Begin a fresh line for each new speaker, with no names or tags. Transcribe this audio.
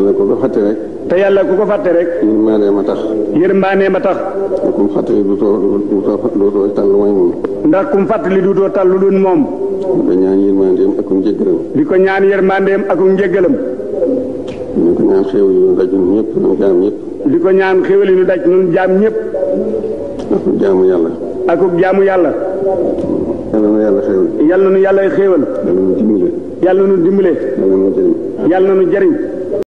yàlla ku ko fàtte rek.
te yàlla ku ko fàtte rek.
yërmande ma tax.
yërmande ma tax. ndax kum fàttali duutoo duutoo tal lu may moom. ndax kum fàttali duutoo tal lu dul moom. di ko ñaan yërmandeem akum njéggalam. di ko ñaan yërmandeem akum njéggalam. di ko ñaan xéwal yu ñu daj ñun ñëpp ñun jaam ñëpp. di ko ñaan xéwal yu ñu daj ñun jaam ñëpp. akuk jaamu yàlla. akuk jaamu yàlla. yàlla na yàlla xéwal. yàlla na nu yàlla xéwal. yàlla na nu dimbale. yàlla na nu dimbale. yàlla na nu jëriñ.